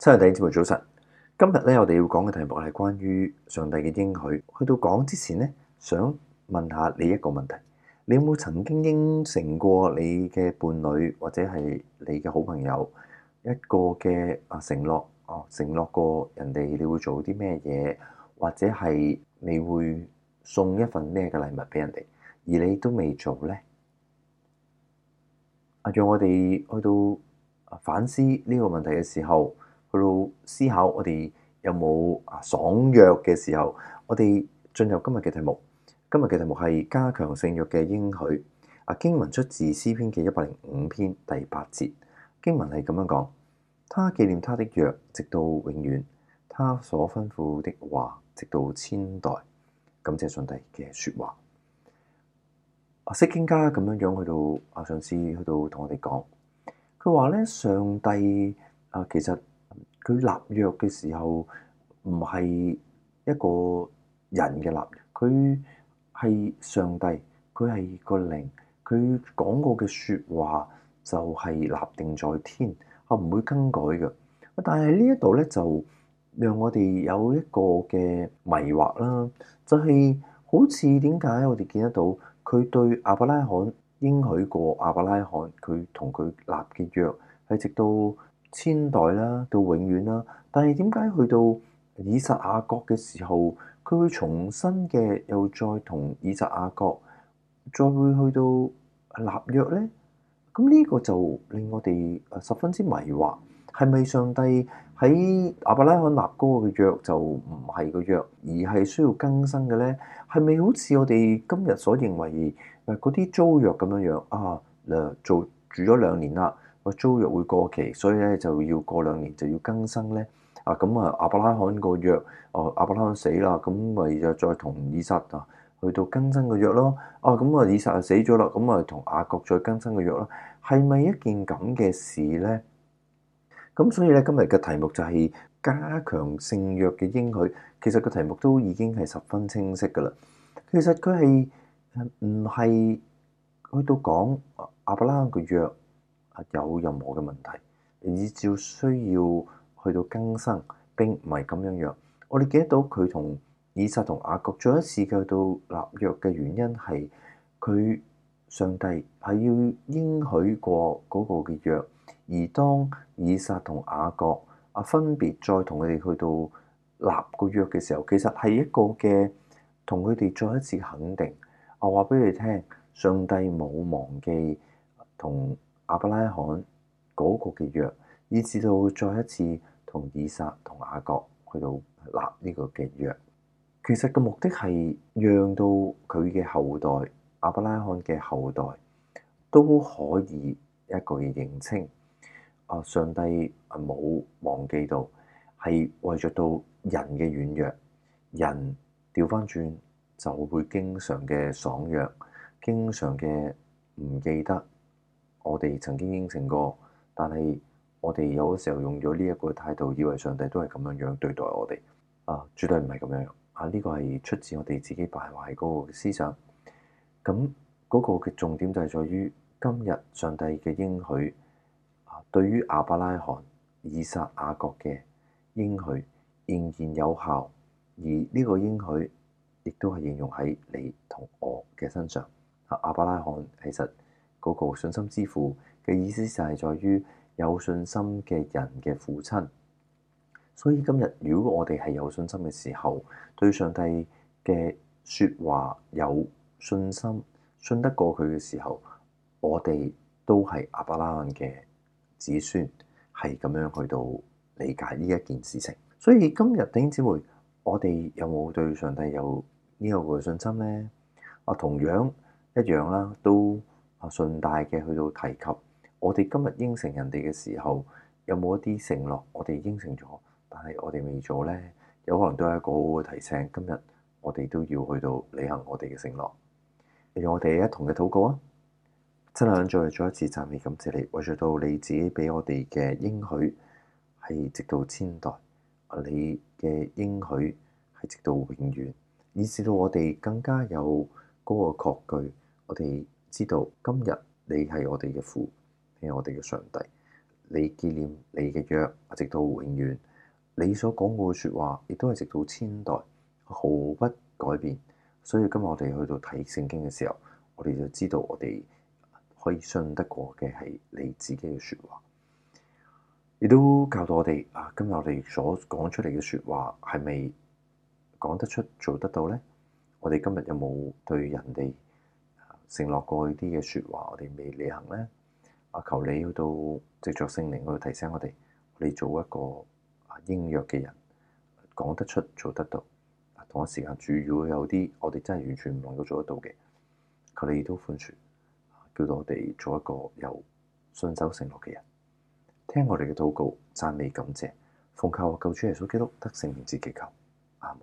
七日第一節早晨。今日咧，我哋要講嘅題目係關於上帝嘅應許。去到講之前呢，想問下你一個問題，你有冇曾經應承過你嘅伴侶或者係你嘅好朋友一個嘅啊承諾？哦，承諾過人哋你會做啲咩嘢，或者係你會送一份咩嘅禮物俾人哋，而你都未做呢？啊，讓我哋去到反思呢個問題嘅時候。去到思考，我哋有冇啊爽約嘅時候？我哋進入今日嘅題目。今日嘅題目係加強聖約嘅應許啊。經文出自詩篇嘅一百零五篇第八節，經文係咁樣講：他紀念他的約，直到永遠；他所吩咐的話，直到千代。感謝上帝嘅説話啊，釋經家咁樣樣去到啊，上司去到同我哋講，佢話咧，上帝啊，其實。佢立約嘅時候唔係一個人嘅立約，佢係上帝，佢係個靈，佢講過嘅說話就係立定在天，啊唔會更改嘅。但係呢一度呢，就讓我哋有一個嘅迷惑啦，就係、是、好似點解我哋見得到佢對亞伯拉罕應許過亞伯拉罕，佢同佢立嘅約係直到。千代啦、啊，到永遠啦、啊，但係點解去到以撒、雅各嘅時候，佢會重新嘅又再同以撒、雅各再會去到立約呢？咁呢個就令我哋十分之迷惑，係咪上帝喺亞伯拉罕立嗰個約就唔係個約，而係需要更新嘅呢？係咪好似我哋今日所認為誒嗰啲租約咁樣樣啊？兩做住咗兩年啦。個租約會過期，所以咧就要過兩年就要更新咧。啊，咁啊，亞伯拉罕個約，哦，亞伯拉罕死啦，咁咪就再同以撒啊，去到更新個約咯。哦，咁啊，以撒就死咗啦，咁啊，同雅各再更新個約咯。係咪一件咁嘅事咧？咁所以咧，今日嘅題目就係加強聖約嘅應許。其實個題目都已經係十分清晰㗎啦。其實佢係誒唔係去到講亞伯拉罕個約。有任何嘅問題，以照需要去到更新並唔係咁樣樣。我哋記得到佢同以撒同雅各再一次去到立約嘅原因係佢上帝係要應許過嗰個嘅約，而當以撒同雅各啊分別再同佢哋去到立個約嘅時候，其實係一個嘅同佢哋再一次肯定啊，話俾你哋聽，上帝冇忘記同亞伯拉罕嗰個嘅約，以至到再一次同以撒同雅各去到立呢個嘅約，其實個目的係讓到佢嘅後代，亞伯拉罕嘅後代都可以一個嘅認清，啊上帝啊冇忘記到，係為著到人嘅軟弱，人掉翻轉就會經常嘅爽約，經常嘅唔記得。我哋曾經應承過，但係我哋有時候用咗呢一個態度，以為上帝都係咁樣樣對待我哋，啊，絕對唔係咁樣。啊，呢個係出自我哋自己敗壞嗰個思想。咁嗰個嘅重點就係在於，今日上帝嘅應許，啊，對於亞伯拉罕、以撒、雅各嘅應許仍然有效，而呢個應許亦都係應用喺你同我嘅身上。啊，亞伯拉罕其實。嗰個信心之父嘅意思就係在於有信心嘅人嘅父親。所以今日如果我哋係有信心嘅時候，對上帝嘅說話有信心，信得過佢嘅時候，我哋都係亞伯拉罕嘅子孫，係咁樣去到理解呢一件事情。所以今日頂姊妹，我哋有冇對上帝有呢個信心呢？啊，同樣一樣啦、啊，都。啊，順帶嘅去到提及，我哋今日應承人哋嘅時候，有冇一啲承諾我哋應承咗，但係我哋未做呢？有可能都係一個好嘅提醒。今日我哋都要去到履行我哋嘅承諾。嚟到我哋一同嘅禱告啊！真係再做一次讚美，感謝你，為著到你自己俾我哋嘅應許係直到千代，你嘅應許係直到永遠，以至到我哋更加有嗰個確據，我哋。知道今日你係我哋嘅父，你係我哋嘅上帝。你紀念你嘅約，直到永遠。你所講過嘅說話，亦都係直到千代毫不改變。所以今日我哋去到睇聖經嘅時候，我哋就知道我哋可以信得過嘅係你自己嘅說話。亦都教導我哋啊，今日我哋所講出嚟嘅說話係咪講得出做得到咧？我哋今日有冇對人哋？承諾過去啲嘅説話，我哋未履行咧，啊求你去到藉著聖靈去提醒我哋，你做一個啊應約嘅人，講得出做得到。啊同一時間，主要有啲我哋真係完全唔能夠做得到嘅，求你都寬恕，叫到我哋做一個有信守承諾嘅人，聽我哋嘅禱告，讚美感謝，奉靠我救主耶穌基督得勝名字祈求，阿門。